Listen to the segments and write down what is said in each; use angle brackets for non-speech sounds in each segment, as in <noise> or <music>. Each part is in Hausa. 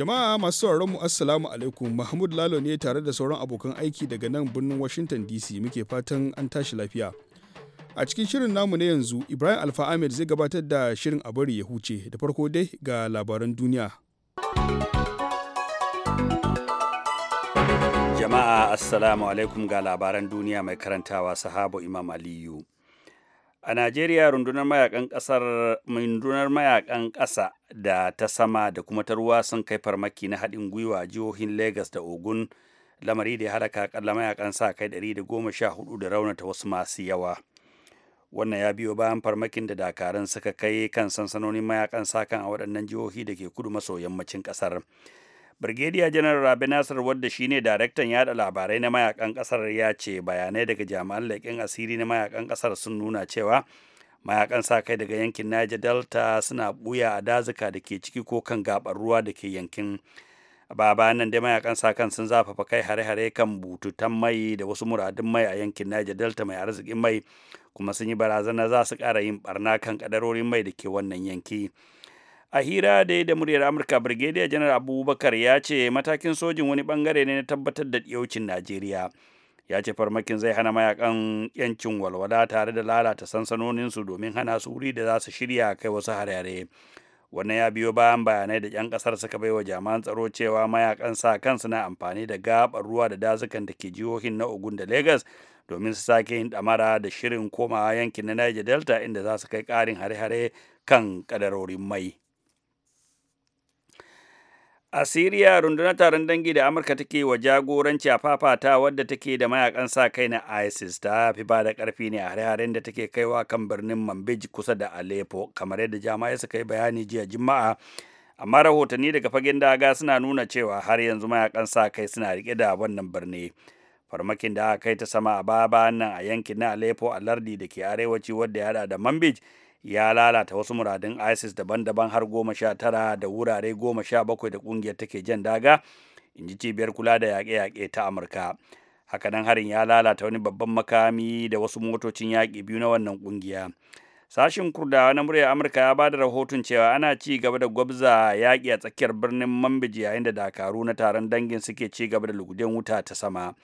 Jama'a masu sauraron mu Assalamu alaikum Mahmud Lalo ne tare da sauran abokan aiki daga nan birnin Washington DC muke fatan an tashi lafiya. A cikin shirin namu na yanzu Ibrahim Alfa Ahmed zai gabatar da shirin a bari ya huce da farko dai ga labaran duniya. Jama'a Assalamu alaikum ga labaran duniya mai karantawa sahabo Imam Aliyu. a najeriya rundunar mayakan ƙasar rundunar mayakan ƙasa da ta sama da kuma ta ruwa sun kai farmaki na haɗin gwiwa jihohin lagos da ogun lamari da ya halaka ƙalla mayakan sa kai 114 da raunata wasu masu yawa wannan ya biyo bayan farmakin da dakarun suka kai kan sansanonin mayakan sa kan a waɗannan jihohi da ke kudu maso yammacin ƙasar. Brigadier General Rabi Nasir wadda shine daraktan yada labarai na mayakan kasar ya ce bayanai daga jami'an leƙen asiri na mayakan kasar sun nuna cewa mayakan sa kai daga yankin Niger Delta suna buya a dazuka da ke ciki ko kan gabar ruwa da ke yankin ba bayan dai mayakan sa kan sun zafafa kai hare-hare kan bututan mai da wasu muradun mai a yankin Niger Delta mai arzikin mai kuma sun yi barazana za su ƙara yin barna kan kadarorin mai da ke wannan yanki. a hira da da muryar amurka brigadier janar abubakar ya ce matakin sojin wani bangare ne na tabbatar da yaucin najeriya ya ce farmakin zai hana mayakan yancin walwala tare da lalata sansanoninsu domin hana su wuri da za su shirya kai wasu harare wannan ya biyo bayan bayanai da 'yan kasar suka bai wa jami'an tsaro cewa mayakan sa kansu na amfani da gabar ruwa da dazukan da ke jihohin na ogun da Legas domin su sake yin damara da shirin komawa yankin na niger delta inda za su kai karin hare-hare kan kadarorin mai A Siriya rundunar taron dangi da Amurka take wa jagoranci a fafata wadda take da mayakan sa kai na ISIS ta fi ba da karfi ne a hare-haren da take kaiwa kan birnin Manbij kusa da Aleppo kamar yadda jama'a suka yi bayani jiya Juma'a. Amma rahotanni daga fagen daga suna nuna cewa har yanzu mayakan sa kai suna rike da wannan birni. Farmakin da aka kai ta sama a baya nan a yankin na Aleppo a lardi da ke arewaci wadda ya hada da Manbij ya lalata wasu muradun isis daban-daban har goma sha tara da wurare goma sha bakwai da kungiyar take jan daga in ji cibiyar kula da yaƙe-yaƙe ta amurka hakanan harin ya lalata wani babban makami da wasu motocin yaƙi biyu na wannan kungiya sashin kurdawa na muryar amurka ya ba da rahoton cewa ana ci gaba da gwabza yaƙi a tsakiyar birnin mambiji yayin da dakaru na taron dangin suke ci gaba da lugujen wuta ta sama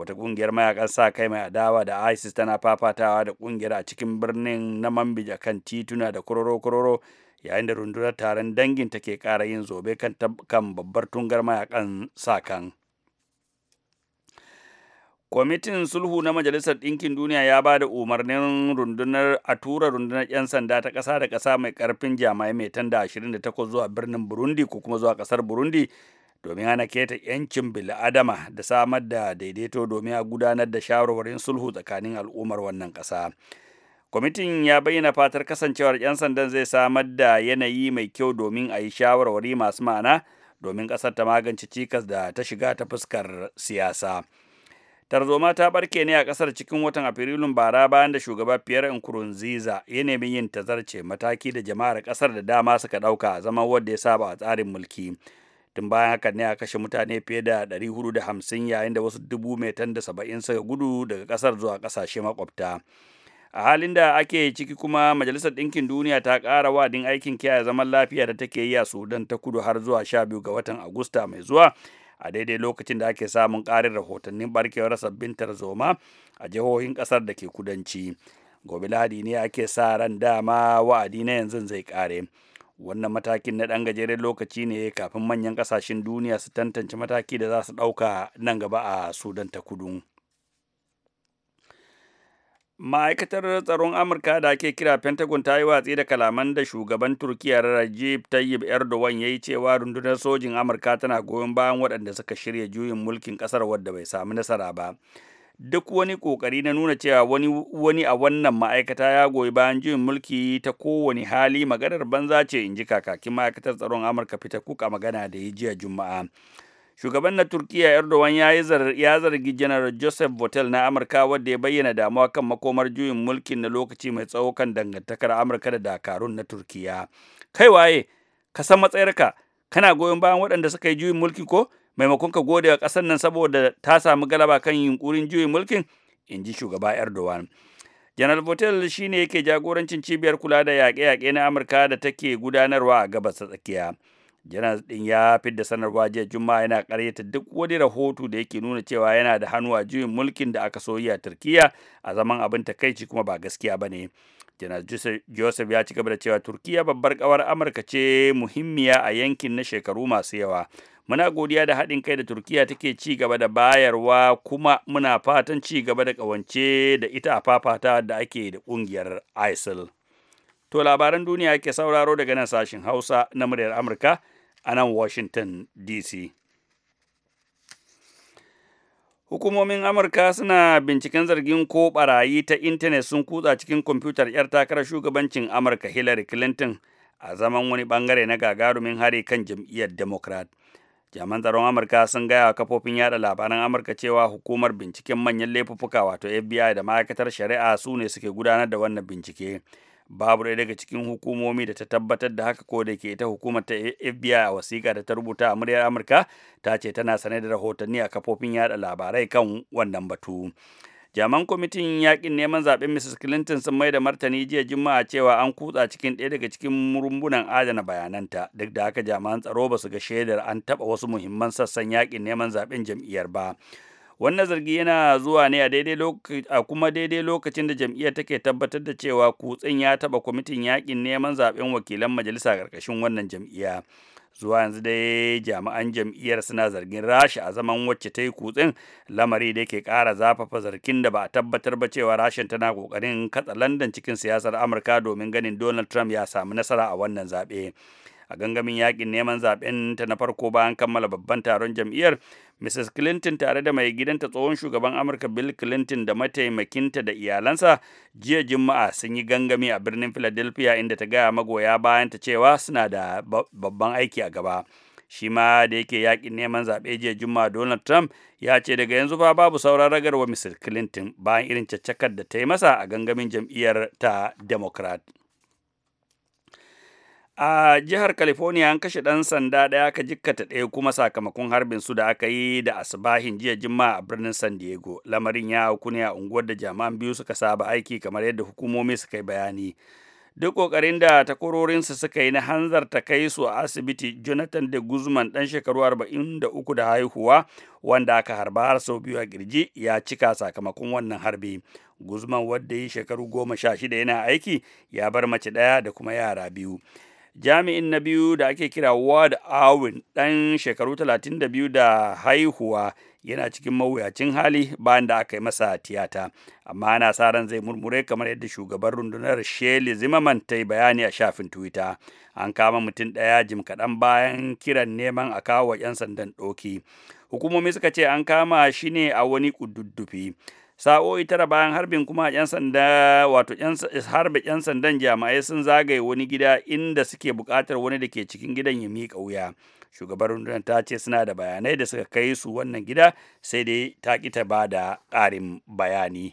wata kungiyar mayakan sa kai mai adawa da isis tana fafatawa da kungiyar a cikin birnin na mambija kan tituna da kororo-kororo yayin da rundunar taron dangin take kara yin zobe kan babbar tungar mayakan sa kan kwamitin sulhu na majalisar ɗinkin duniya ya ba da umarnin rundunar a tura rundunar 'yan sanda ta ƙasa da ƙasa mai ƙarfin jami'ai mai tanda 28 zuwa birnin burundi ko kuma zuwa ƙasar burundi domin hana keta yancin bil'adama da samar da daidaito domin a gudanar da shawarwarin sulhu tsakanin al'ummar wannan ƙasa. kwamitin ya bayyana fatar kasancewar 'yan sandan zai samar da yanayi mai kyau domin a yi shawarwari masu ma'ana domin ƙasar ta magance cikas da ta shiga ta fuskar siyasa tarzoma ta barke ne a ƙasar cikin watan afrilun bara bayan da shugaba pierre nkurunziza ya nemi yin tazarce mataki da jama'ar ƙasar da dama suka ɗauka zama wadda ya saba a tsarin mulki tun bayan hakan ne a kashe mutane fiye da 450 yayin da wasu dubu mai da saba'in suka gudu daga kasar zuwa kasashe makwabta a halin da ake ciki kuma majalisar ɗinkin duniya ta ƙara wadin aikin kiyaye zaman lafiya da take yi a sudan ta kudu har zuwa sha biyu ga watan agusta mai zuwa a daidai lokacin da ake samun ƙarin rahotannin barkewar sabbin tarzoma a jihohin ƙasar da ke kudanci gobe lahadi ne ake sa ran dama wa'adi na yanzu zai ƙare wannan matakin na ɗan gajeren lokaci ne kafin manyan ƙasashen duniya su tantance mataki da za su ɗauka nan gaba a sudan ta kudu ma'aikatar tsaron amurka da ake kira pentagon ta yi watsi da kalaman da shugaban turkiya rajib tayyip erdogan ya yi cewa rundunar sojin amurka tana goyon bayan waɗanda suka shirya juyin mulkin ƙasar wadda bai samu nasara ba duk wani kokari na nuna cewa wani wani a wannan ma'aikata ya goyi bayan juyin mulki ta kowane hali maganar banza ce in ji kakakin ma'aikatar tsaron amurka fita cook a magana da ya jiya juma'a shugaban na turkiya erdogan ya zargi janar joseph votel na amurka wadda ya bayyana damuwa kan makomar juyin mulki na lokaci mai tsawo kan dangantakar amurka da dakarun na turkiya kai waye ka san matsayarka kana goyon bayan waɗanda suka yi juyin mulki ko maimakon ka gode wa ƙasar nan saboda ta samu galaba kan yunkurin juyin mulkin in ji shugaba erdogan janar shi ne yake jagorancin cibiyar kula da yaƙe-yaƙe na amurka da take gudanarwa a gabas ta tsakiya janar ɗin ya da sanarwa jiya juma'a yana karyata duk wani rahoto da yake nuna cewa yana da hannu a juyin mulkin da aka soyi a turkiya a zaman abin takaici kuma ba gaskiya ba ne janar joseph ya ci gaba da cewa turkiya babbar ƙawar amurka ce muhimmiya a yankin na shekaru masu yawa muna godiya da haɗin kai da turkiya take ci gaba da bayarwa kuma muna fatan ci gaba da ƙawance da ita a fafata da ake da ƙungiyar isil to labaran duniya ke sauraro daga nan sashen hausa na muryar amurka a nan washington dc hukumomin amurka suna binciken zargin ko barayi ta intanet sun kutsa cikin kwamfutar 'yar takarar shugabancin amurka hillary clinton a zaman wani bangare na gagarumin hari kan jam'iyyar democrat jaman tsaron amurka sun gaya wa kafofin yada labaran amurka cewa hukumar binciken manyan laifuffuka wato fbi da ma'aikatar shari'a su ne suke gudanar da wannan bincike babu ɗaya daga cikin hukumomi da ta tabbatar da haka ko da ke ita hukumar ta fbi a wasiƙa da ta rubuta a muryar amurka ta ce tana sane da rahotanni a kafofin yada labarai kan wannan batu jaman kwamitin yakin neman zaɓen mrs clinton sun mai da martani jiya juma'a cewa an kutsa cikin ɗaya daga cikin murumbunan adana bayananta duk da haka jaman tsaro ba su ga shaidar an taɓa wasu muhimman sassan yakin neman zaɓen jam'iyyar ba wannan zargi yana zuwa ne a a kuma daidai lokacin da jam'iyyar take tabbatar da cewa kutsen ya taɓa kwamitin yakin neman zaɓen wakilan majalisa ƙarƙashin wannan jam'iyya zuwa yanzu dai jami'an jam'iyyar suna zargin rasha a zaman wacce ta yi kutsin lamari da yake kara zafafa zargin da ba a tabbatar ba cewa rashin tana kokarin katsa landan cikin siyasar amurka domin ganin donald trump ya samu nasara a wannan zaɓe a gangamin yakin neman zaben ta na farko bayan kammala babban taron jam'iyyar Mrs. Clinton tare da mai gidanta tsohon shugaban Amurka Bill Clinton da mataimakinta da iyalansa jiya Juma'a sun yi gangami a birnin Philadelphia inda ta gaya magoya bayan ta cewa suna da babban aiki a gaba. Shi ma da yake yakin neman zaɓe jiya Juma'a Donald Trump ya ce daga yanzu fa babu sauran ragarwa Mrs. Clinton bayan irin caccakar da ta yi masa a gangamin jam'iyyar ta Democrat. a jihar california an kashe ɗan sanda ɗaya aka jikkata ɗaya kuma sakamakon harbin su da aka yi da asibahin jiya jimma a birnin san diego lamarin ya hau a unguwar da jami'an biyu suka saba aiki kamar yadda hukumomi suka yi bayani duk ƙoƙarin da takwarorinsu suka yi na hanzarta kai su a asibiti jonathan de guzman ɗan shekaru arba'in da uku da haihuwa wanda aka harba har sau biyu a kirji ya cika sakamakon wannan harbi guzman wadda yi shekaru goma sha shida yana aiki ya bar mace ɗaya da kuma yara biyu jami'in na biyu da ake kira ward awin ɗan shekaru 32 da haihuwa yana cikin mawuyacin hali bayan da aka yi masa tiyata amma ana sa ran zai murmure kamar yadda shugaban rundunar shelly Zimmerman ta yi bayani a shafin Twitter an kama mutum ɗaya jim kaɗan bayan kiran neman a kawo 'yan sandan ɗoki hukumomi suka ce an kama shi ne a wani kududdufi sa'o'i tara bayan harbin kuma yan sanda wato harbe yan sandan jama'ai sun zagaye wani gida inda suke buƙatar wani da ke cikin gidan ya miƙa wuya shugabar rundunar ta ce suna da bayanai da suka kai su wannan gida sai dai ta ki ta ba da ƙarin bayani.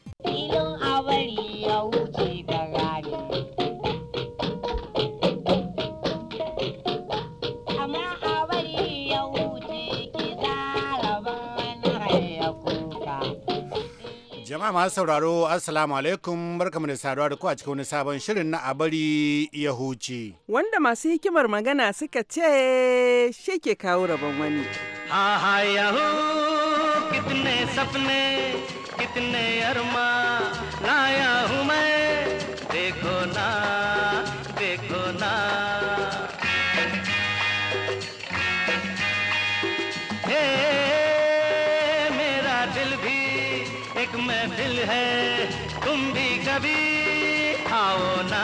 Jama'a masu sauraro Assalamu alaikum barkamu da saduwa da ku a cikin wani sabon shirin na abari ya huce. Wanda masu hikimar magana suka ce shi ke kawo rabon wani. Aha yahu kitne sapne kitne hu ಮಾವೋನಾ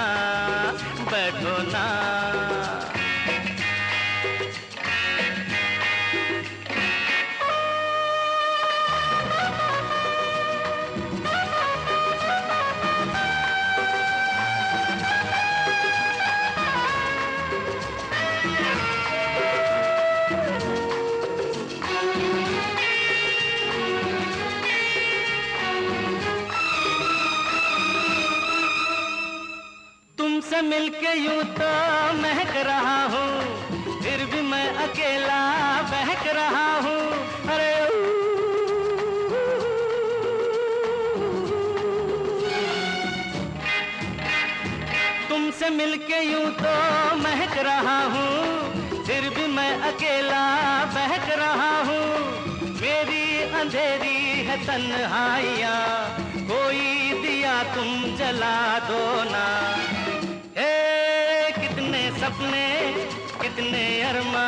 के यूं तो महक रहा हूँ फिर भी मैं अकेला बहक रहा हूँ अरे तुमसे मिलके यूं तो महक रहा हूँ फिर भी मैं अकेला बहक रहा हूँ मेरी अंधेरी है तन्हाइया कोई दिया तुम जला दो ना शर्मा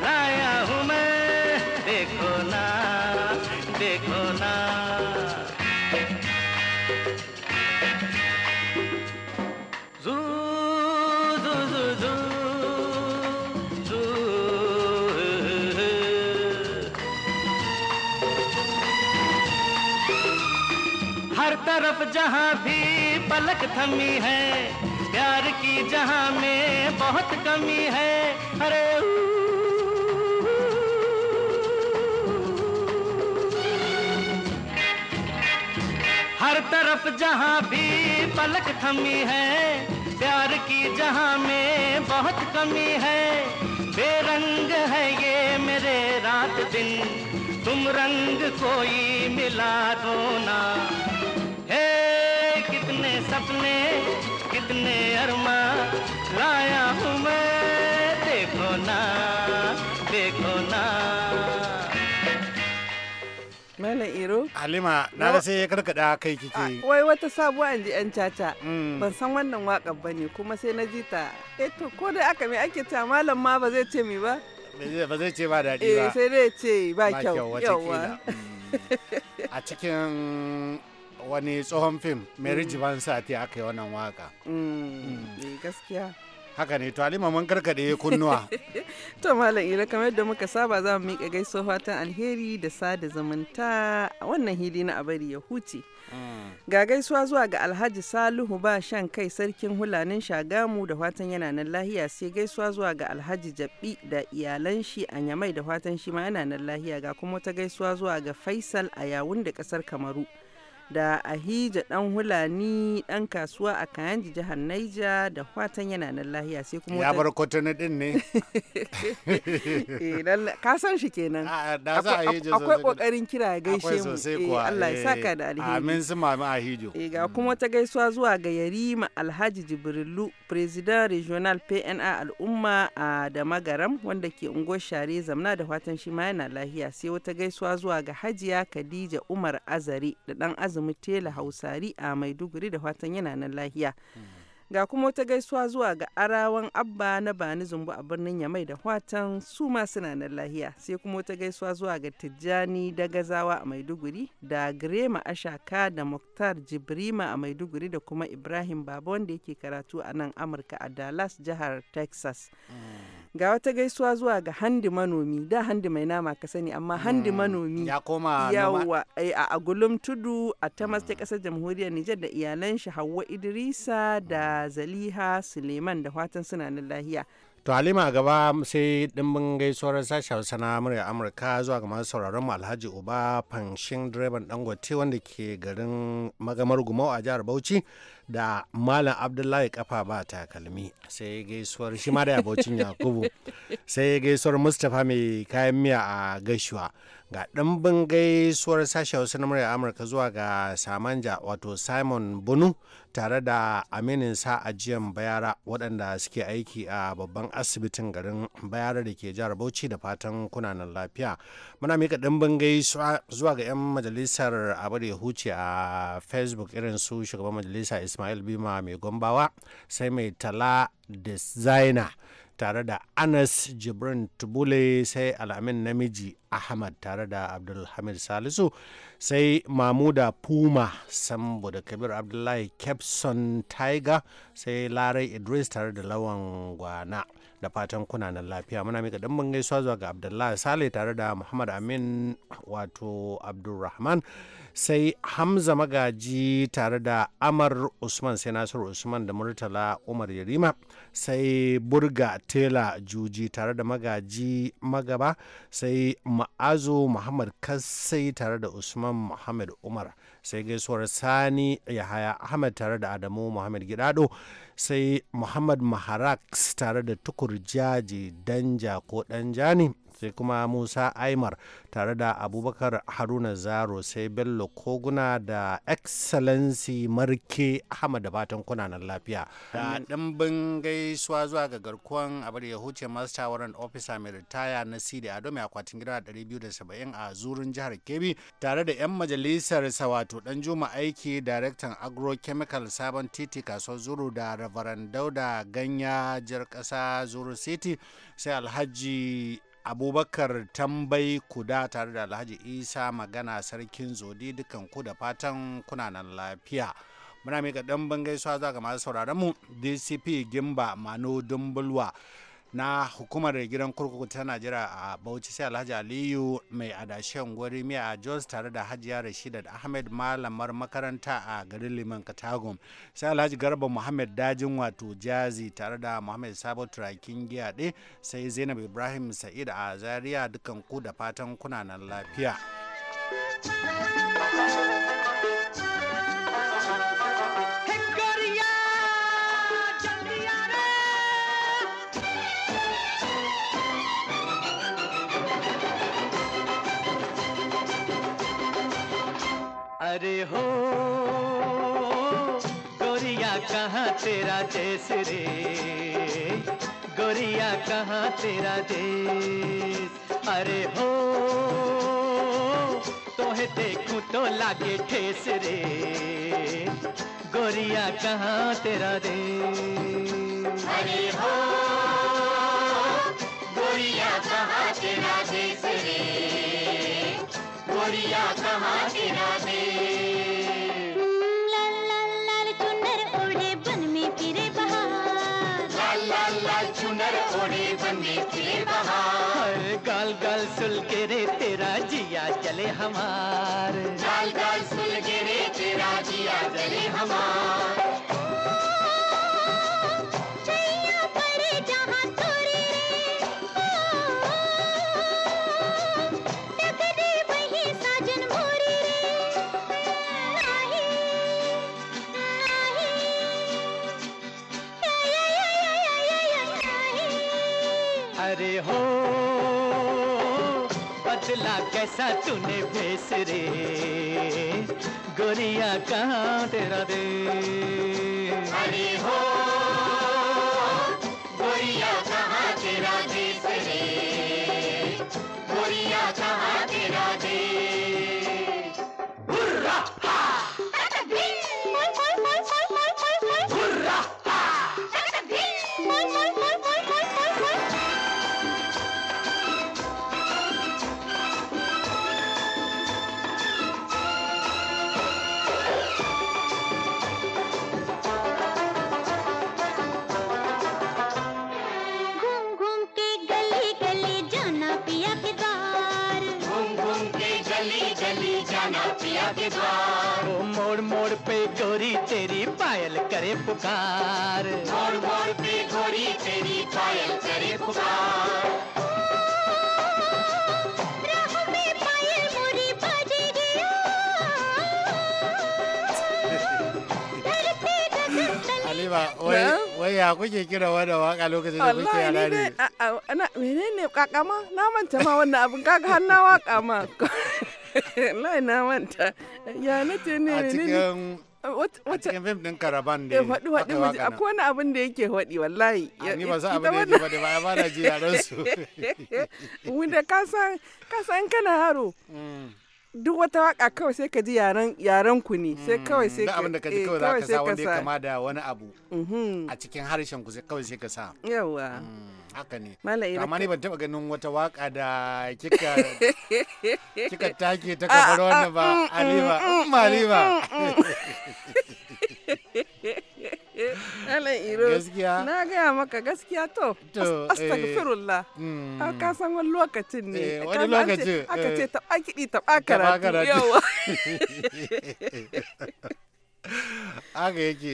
लाया हूँ मैं देखो ना देखो ना हर तरफ जहाँ भी पलक थमी है प्यार की जहाँ में बहुत कमी है अरे हर तरफ जहाँ भी पलक थमी है प्यार की जहाँ में बहुत कमी है बेरंग है ये मेरे रात दिन तुम रंग कोई मिला दो ना हे कितने सपने कितने अरमा लाया हूँ मैं না Malam Iro? Halima, na da sai ya karkada kai kike. Ah, wai wata sabuwa in ji yan caca. Hmm. Ban san wannan waƙar ba ne kuma sai na ji ta. Eh to ko dai aka mai ake ta malam ma ba zai ce mi ba? Ba zai ce ba daɗi eh, ba. Eh sai dai ce ba kyau. Yawa. Hmm. A cikin wani tsohon fim, Mary Jibansa ta aka yi wannan waƙa. Hmm, eh, gaskiya. haka ne to alima mun karkade kunnuwa <laughs> to malam ira kamar yadda muka saba za mu miƙa gaiso fatan alheri da sada zumunta wannan hili na abari ya huce mm. ga gaisuwa zuwa ga alhaji saluhu ba shan kai sarkin hulanin shagamu da fatan yana nan lahiya sai gaisuwa zuwa ga alhaji jabbi da iyalan shi a nyamai da fatan shi ma yana nan lahiya ga kuma wata gaisuwa zuwa ga faisal a yawun da kasar kamaru da ahija dan hulani dan kasuwa a kayanji jihar naija da watan yana nan lahiya sai kuma ya bar kotuna din ne <laughs> eh, ka san shi kenan akwai kokarin kira gaishe mu eh, Allah ya saka eh. da alheri amin su mami ahijo ga mm. kuma ta gaisuwa zuwa ga yarima alhaji jibrilu president regional pna al'umma a da magaram wanda ke unguwar share zamna da watan shi ma yana lahiya sai wata gaisuwa zuwa ga hajiya khadija umar azare da dan azare azumi tela hausari a maiduguri da fatan yana nan lahiya ga kuma wata gaisuwa zuwa ga arawan abba na bani zumbu a birnin yamai da watan su ma suna nan lahiya sai kuma wata gaisuwa zuwa ga tijjani da gazawa a maiduguri da grema ashaka da muktar jibrima a maiduguri da kuma ibrahim baba wanda yake karatu a nan amurka a dallas jihar texas ga wata gaisuwa zuwa ga handi manomi da handi mai nama ka sani amma handi mm, manomi ya koma yawa eh, a agulum tudu a tamas ta kasar jamhuriyar Nijar da iyalan shi Hawwa Idrisa da mm. Zaliha Suleiman da fatan suna na lahiya To Halima a gaba sai dimbin gaisuwar sashen Hausa na murya Amurka zuwa ga masu sauraron Alhaji Uba fanshin direban Dangote wanda ke garin Magamar Gumau a jihar Bauchi da Malam Abdullahi kafa ba takalmi sai gaisuwar shi ma da Bauchin Yakubu <laughs> sai gaisuwar Mustapha mai kayan miya a gaishuwa ga ɗimbin gaisuwar sashe hausa na murya amurka zuwa ga samanja wato simon bunu tare da aminin sa ajiyan bayara waɗanda suke aiki a babban asibitin garin bayara da ke jihar bauchi da fatan kunanan lafiya muna mika ɗimbin gaisuwa zuwa ga 'yan majalisar abar huce a facebook irin su shugaban majalisa ismail bima mai gombawa sai mai tala designer tare da anas jibrin tubule sai alamin namiji ahmad tare da abdulhamid salisu sai mamuda puma sambo da kabir abdullahi capson tiger sai larai idris tare da lawan gwana da fatan kuna kunanan lafiya muna mika mun gaisuwa zuwa ga abdullahi sale tare da muhammad amin wato abdulrahman sai hamza magaji tare da amar usman sai nasiru usman da murtala umar yarima sai burga tela juji tare da magaji magaba sai ma'azu muhammad kassai tare da usman muhammad umar sai gaisuwar sani ya haya ahmad tare da adamu muhammad gidado sai muhammad maharaks tare da tukur jaji danja ko danjani sai kuma musa aimar tare da abubakar haruna zaro sai bello koguna da excellency marke ahmad da batan kunanan lafiya da dimbin gaisuwa zuwa ga garkuwan abar ya huce master warrant officer mai ritaya na sidi ado mai akwatin gida 270 a zurin jihar kebbi tare da 'yan majalisar sawato dan juma aiki daraktan agrochemical sabon titi kasuwar zuru da reverend dauda ganya jar kasa zuru city sai alhaji abubakar tambayi kuda tare da alhaji isa magana sarkin zodi dukan ku da fatan kuna nan lafiya muna mika ɗan bangaisuwa za ga masu sauraron mu dcp gimba mano dumbulwa na hukumar gidan kurkuku ta najeriya a bauchi sai alhaji aliyu mai adashen gwari miya a jos tare da hajiya da ahmed malamar makaranta a garin liman katagum sai alhaji garba muhammad dajin wato jazi tare da muhammad sabo turakin giyaɗe sai zainab ibrahim sa'id a zaria dukan ku da fatan kuna nan lafiya कहाँ तेरा देश रे गोरिया कहाँ तेरा देश अरे हो तोहे देखूं तो लागे ठेस रे गोरिया कहाँ तेरा देश अरे हो गोरिया कहाँ तेरा देश रे गोरिया कहाँ तेरा देश थी बहार गाल गाल सुल के रे तेरा जिया चले हमार गाल गाल सुल के रे तेरा जिया चले हमार बदला कैसा तूने भेस रे गोरिया कहाँ तेरा दे हरी हो गोरिया कहाँ तेरा दे गया के द्वार ओ मोड़ मोड़ पे गोरी तेरी पायल करे पुकार मोड़ मोड़ पे गोरी तेरी पायल करे पुकार ba wai wai ya kuke kira wannan waka lokacin da kuke yara ne a'a ana menene kaka ma na manta ma wannan abin kaga har na waka ma wallahi <laughs> na manta ya na ce ne ne a cikin fim din karaban da ya faɗi faɗi mu a wani abin da yake faɗi wallahi ni ba za abin da yake faɗi ba ya fara ji a su <laughs> wanda ka san kana haro mm. duk wata waka kawai sai ka ji yaran ku ne hmm. mhm. sai kawai sai ka da kaji kawai za ka sa wanda ya kama da wani abu a cikin harshen ku kawai sai ka sa yawa hmm, haka ne amma ne ban taba ganin wata waka da kika <laughs> kika take ta kabar wannan ba mm, mm, aliba maliba mm, <laughs> <laughs> Alan Iro. Gaskiya. Na gaya maka gaskiya to. Astagfirullah. Eh, mm. Ka san wani lokacin ne. Eh, wani lokacin. Aka eh. ce taɓa kiɗi taɓa karatu. Yawa. <laughs> Haka yake.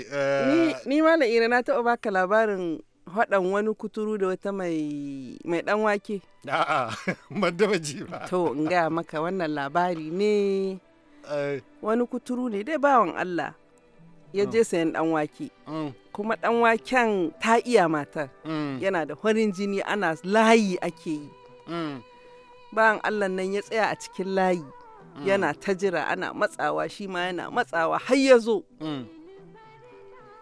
Ni Malam Iro na taɓa baka labarin haɗan wani kuturu da wata mai mai ɗan wake. A'a, <laughs> ban daba ji ba. To, in gaya maka wannan labari ne. Wani kuturu ne dai bawan Allah. ya je mm. sayan dan wake mm. kuma dan waken ta iya matar mm. yana da farin jini ana layi ake yi bayan allah nan ya tsaya a cikin layi yana ta jira ana matsawa shi ma yana matsawa har ya zo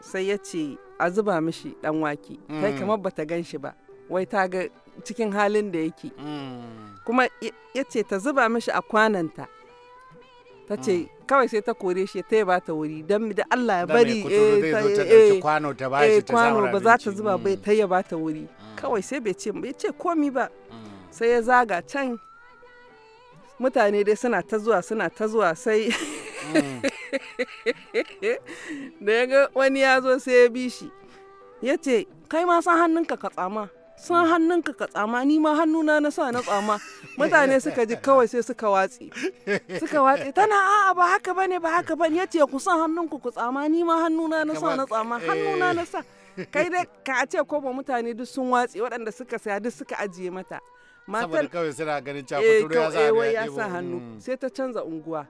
sai ya ce a zuba mishi dan wake kai kamar bata gan shi ba wai ta ga cikin halin da yake kuma ya ce ta zuba mishi a kwananta ta mm. ce kawai sai ta kore shi ta ba ta wuri don da Allah ya bari kwano ba za ta zuba bai ta yaba mm. ta wuri mm. kawai sai bai ce bai ce komi ba sai ya zaga can mutane dai suna ta zuwa suna ta zuwa sai <laughs> da ya ga wani ya zo sai ya bi shi ya ce kai ma san hannunka ka tsama san hannunka ka tsama ni ma hannuna na sa na tsama mutane suka ji kawai sai suka watse suka watse tana a'a ba haka bane ba haka bane yace ku san hannunku ku tsama ni ma hannuna na sa na tsama hannuna eh. na sa kai dai ka ce ko ba mutane duk sun watse waɗanda suka saya duk suka ajiye mata matar kawai suna ganin cakutu eh, eh, ya sa hannu hmm. sai ta canza unguwa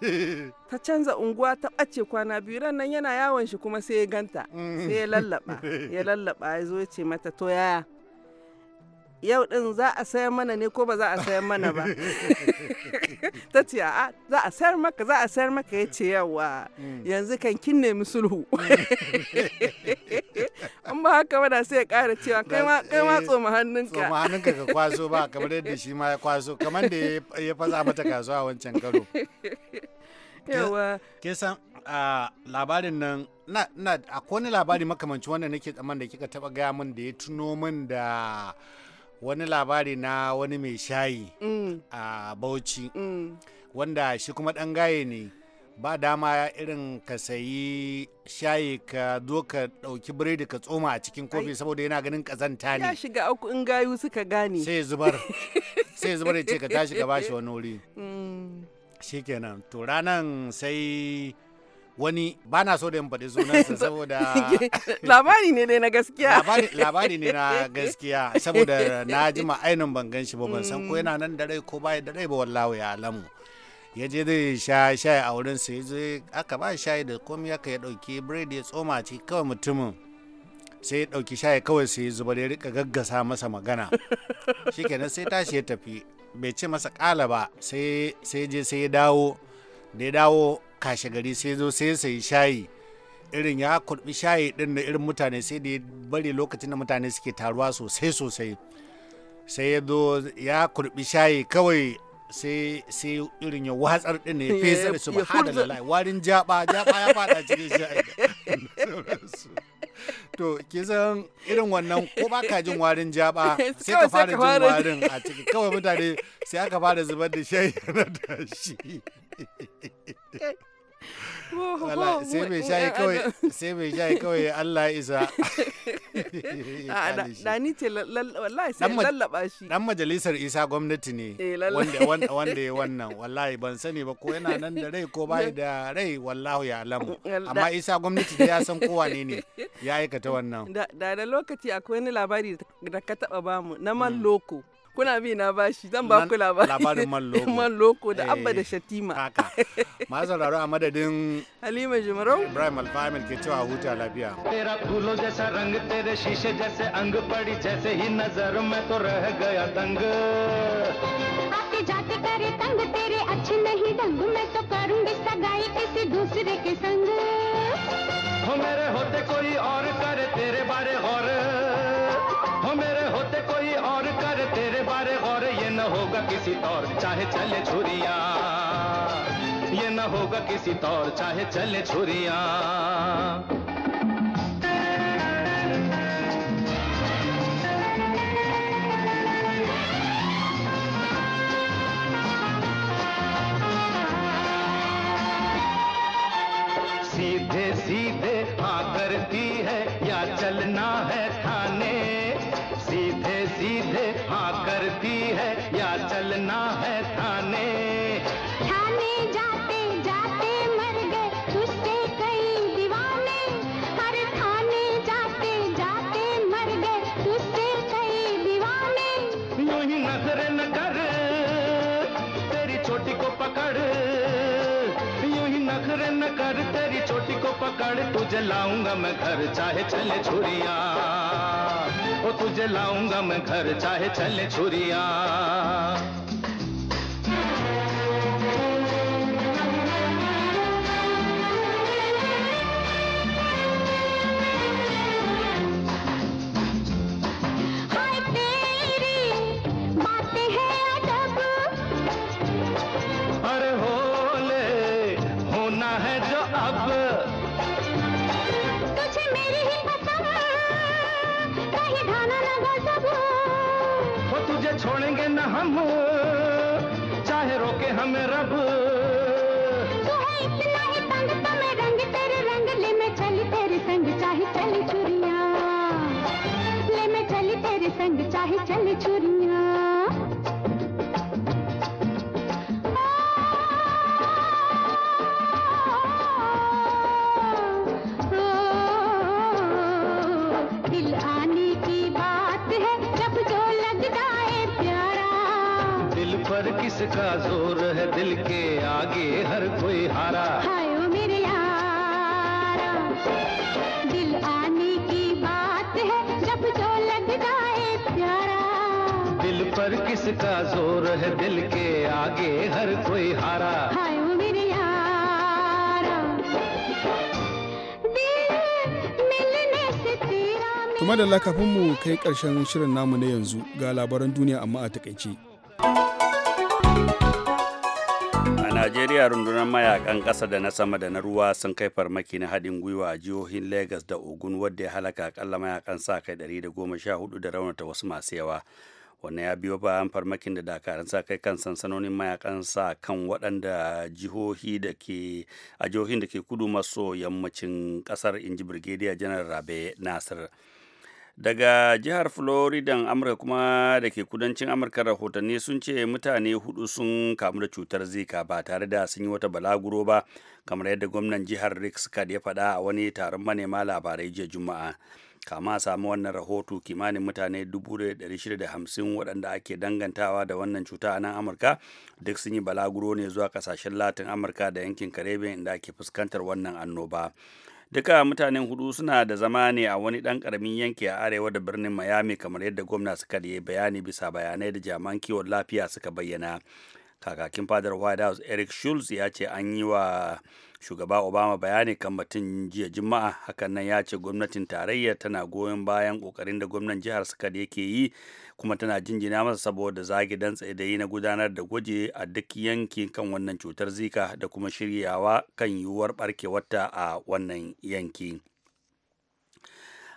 <laughs> ta canza unguwa ta ɓace kwana biyu ran nan yana yawon shi kuma sai ya ganta mm. sai ya lallaba ya lallaba ya zo ya ce mata to yaya yau din za a sayar mana ne ko ba za a sayar mana ba <laughs> ta ce a za a sayar maka za a sayar maka ya ce yawa mm. yanzu kan kin nemi sulhu an <laughs> ba haka ba da sai ya kara cewa kai ma eh, tsoma hannunka tsoma hannunka ka kwaso ba kamar yadda shi ma ya kwaso kamar da ya faza mata kasuwa wancan karo <laughs> yawa ke san labarin nan na na akwai wani labari makamancin wanda nake tsaman da kika taba gaya min da ya tuno min da wani labari na wani mai shayi mm. a bauchi mm. wanda shi kuma ɗan gaye ne ba dama irin ka sayi shayi ka zo ka ɗauki biredi ka tsoma a cikin kofi saboda yana ganin kazanta ne ya shiga uku in gayu suka gane sai zubar <laughs> sai zubar ya ce ka tashi ka bashi wani wuri mm. shikenan to ranan sai wani ba na so da yin faɗi sunansa <laughs> saboda <laughs> labari ne dai na gaskiya labari ne na <laughs> gaskiya saboda na ji ainihin ban gan shi ba ban san ko mm. yana nan da rai ko baya da rai ba wallahi ya alamu ya je zai sha shayi a wurin sa je aka ba shayi da komai aka ya dauki biredi ya tsoma ci kawai mutumin sai ya dauki shayi kawai sai zuba da ya rika gaggasa masa magana shikenan sai tashi ya tafi bai ce masa kala ba sai sai je sai ya dawo da ya dawo kashe gari sai zo sai sayi shayi irin ya kurbi shayi din da irin mutane sai da ya bari lokacin da mutane suke taruwa sosai sosai sai ya zo ya kurbi shayi kawai sai sai irin ya watsar din <laughs> ya fesa da su ba hada lalai warin jaba jaba ya fada cikin shayi <laughs> to ke san irin wannan ko ba ka jin warin jaba <laughs> sai ka fara jin warin a ciki kawai mutane sai aka fara zubar da shayi na tashi wala sai mai shayi kawai <laughs> sai mai shayi kawai Allah isa <laughs> da ni ce wallahi sai lallaba shi dan majalisar isa gwamnati ne eh, wanda wanda ya wannan wallahi ban sani ba ko yana nan da rai ko bai da rai wallahu ya alamu <laughs> amma isa gwamnati da ya san ko wane ne ya aikata wannan da da lokaci akwai wani labari da ka taba bamu na man mm. loko kuna bi na bashi zan ba ku labarin man loko man loko da abba da shatima haka ma sauraro a madadin halima jimarau ibrahim Alfahim ke cewa huta lafiya tera फूलों जैसा rang tere shishe जैसे ang padi जैसे hi nazar mein to reh gaya तंग आते जाते kare tang tere achhe nahi dang main to karungi sagai kisi dusre ke sang हो मेरे होते कोई और करे तेरे बारे गौर हो मेरे होते कोई और ना होगा किसी तौर चाहे चले छुरिया ये ना होगा किसी तौर चाहे चले छुरिया पकड़ तुझे लाऊंगा मैं घर चाहे चले छुरिया ओ तुझे लाऊंगा मैं घर चाहे चले छुरिया हम चाहे रोके हमें रब तेरे रंग ले तेरे संग चाहे चली चुरिया ले मैं चली तेरे संग चाहे चली चुरिया का जोर है दिल के आगे हर Kuma da lakafinmu kai ƙarshen shirin namu na yanzu ga labaran duniya amma a takaice. a Najeriya rundunar mayakan ƙasa da na sama da na ruwa sun kai farmaki na haɗin gwiwa a jihohin Legas da Ogun wadda ya halaka akalla mayakan sa kai 114 da raunata wasu masu yawa. Wannan ya biyo bayan farmakin da dakarun sa kai kan sansanonin mayakan sa kan waɗanda jihohi da ke a jihohin da ke kudu maso yammacin ƙasar inji Brigadier General Rabe Nasir. daga jihar floridan amurka kuma da ke kudancin amurka rahotanni sun ce mutane hudu sun kamu da cutar zika ba tare da sun yi wata balaguro ba kamar yadda gwamnan jihar rick scott ya faɗa a wani taron manema labarai jiya juma'a kama a samu wannan rahoto kimanin mutane 650 waɗanda ake dangantawa da wannan cuta a nan amurka duk sun yi balaguro ne zuwa ƙasashen latin amurka da yankin caribbean inda ake fuskantar wannan annoba duka mutanen hudu suna da zama ne a wani ɗan ƙaramin yanki a arewa da birnin miami kamar yadda gwamna suka yi bayani bisa bayanai da jaman kiwon lafiya suka bayyana kakakin fadar white house eric schultz ya ce an yi wa shugaba obama bayani kan batun jiya juma'a hakan nan ya ce gwamnatin tarayya tana goyon bayan kokarin da gwamnan jihar suka da yake yi kuma tana jinjina masa saboda zagi dan tsaye da yi na gudanar da gwaje a duk yankin kan wannan cutar zika da kuma shiryawa kan yiwuwar barkewarta a wannan yanki.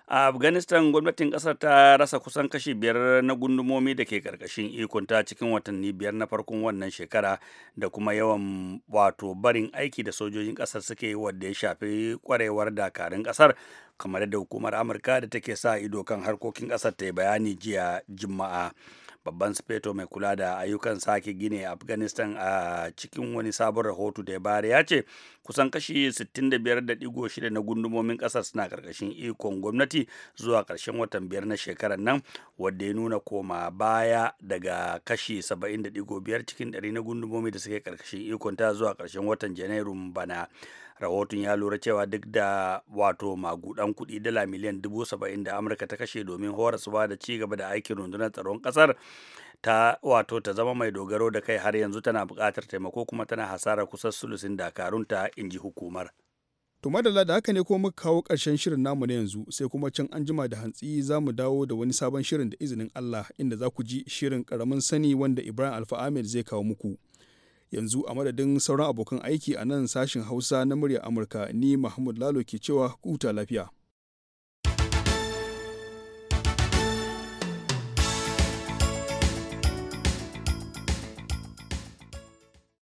a afghanistan gwamnatin kasar ta rasa kusan kashi biyar na gundumomi da ke karkashin ikonta cikin watanni biyar na farkon wannan shekara da kuma yawan wato barin aiki da sojojin kasar suke wadda ya shafi kwarewar dakarun kasar kamar da hukumar amurka da take sa ido kan harkokin kasar ta yi bayani jiya juma'a babban sufeto mai kula da ayyukan sake gine afghanistan a cikin wani sabon rahoto da ya bayar ya ce kusan kashi 65.6 na gundumomin kasar suna karkashin ikon gwamnati zuwa karshen watan biyar na shekarar nan wadda ya nuna koma baya daga kashi 70.5 cikin 100 na gundumomi da suke karkashin ikon ta zuwa karshen watan janairun bana rahoton ya lura cewa duk da wato magudan kuɗi dala miliyan dubu saba'in da amurka ta kashe domin horaswa da ci gaba da aikin rundunar tsaron ƙasar ta wato ta zama mai dogaro da kai har yanzu tana bukatar taimako kuma tana hasara kusa sulusin dakarunta in ji hukumar to madalla da haka ne ko muka kawo ƙarshen shirin namu na yanzu sai kuma can an jima da hantsi za mu dawo da wani sabon shirin da izinin allah inda za ku ji shirin ƙaramin sani wanda ibrahim alfa zai kawo muku yanzu a madadin sauran abokan aiki a nan sashen hausa na murya amurka ni mahmud lalo ke cewa huta lafiya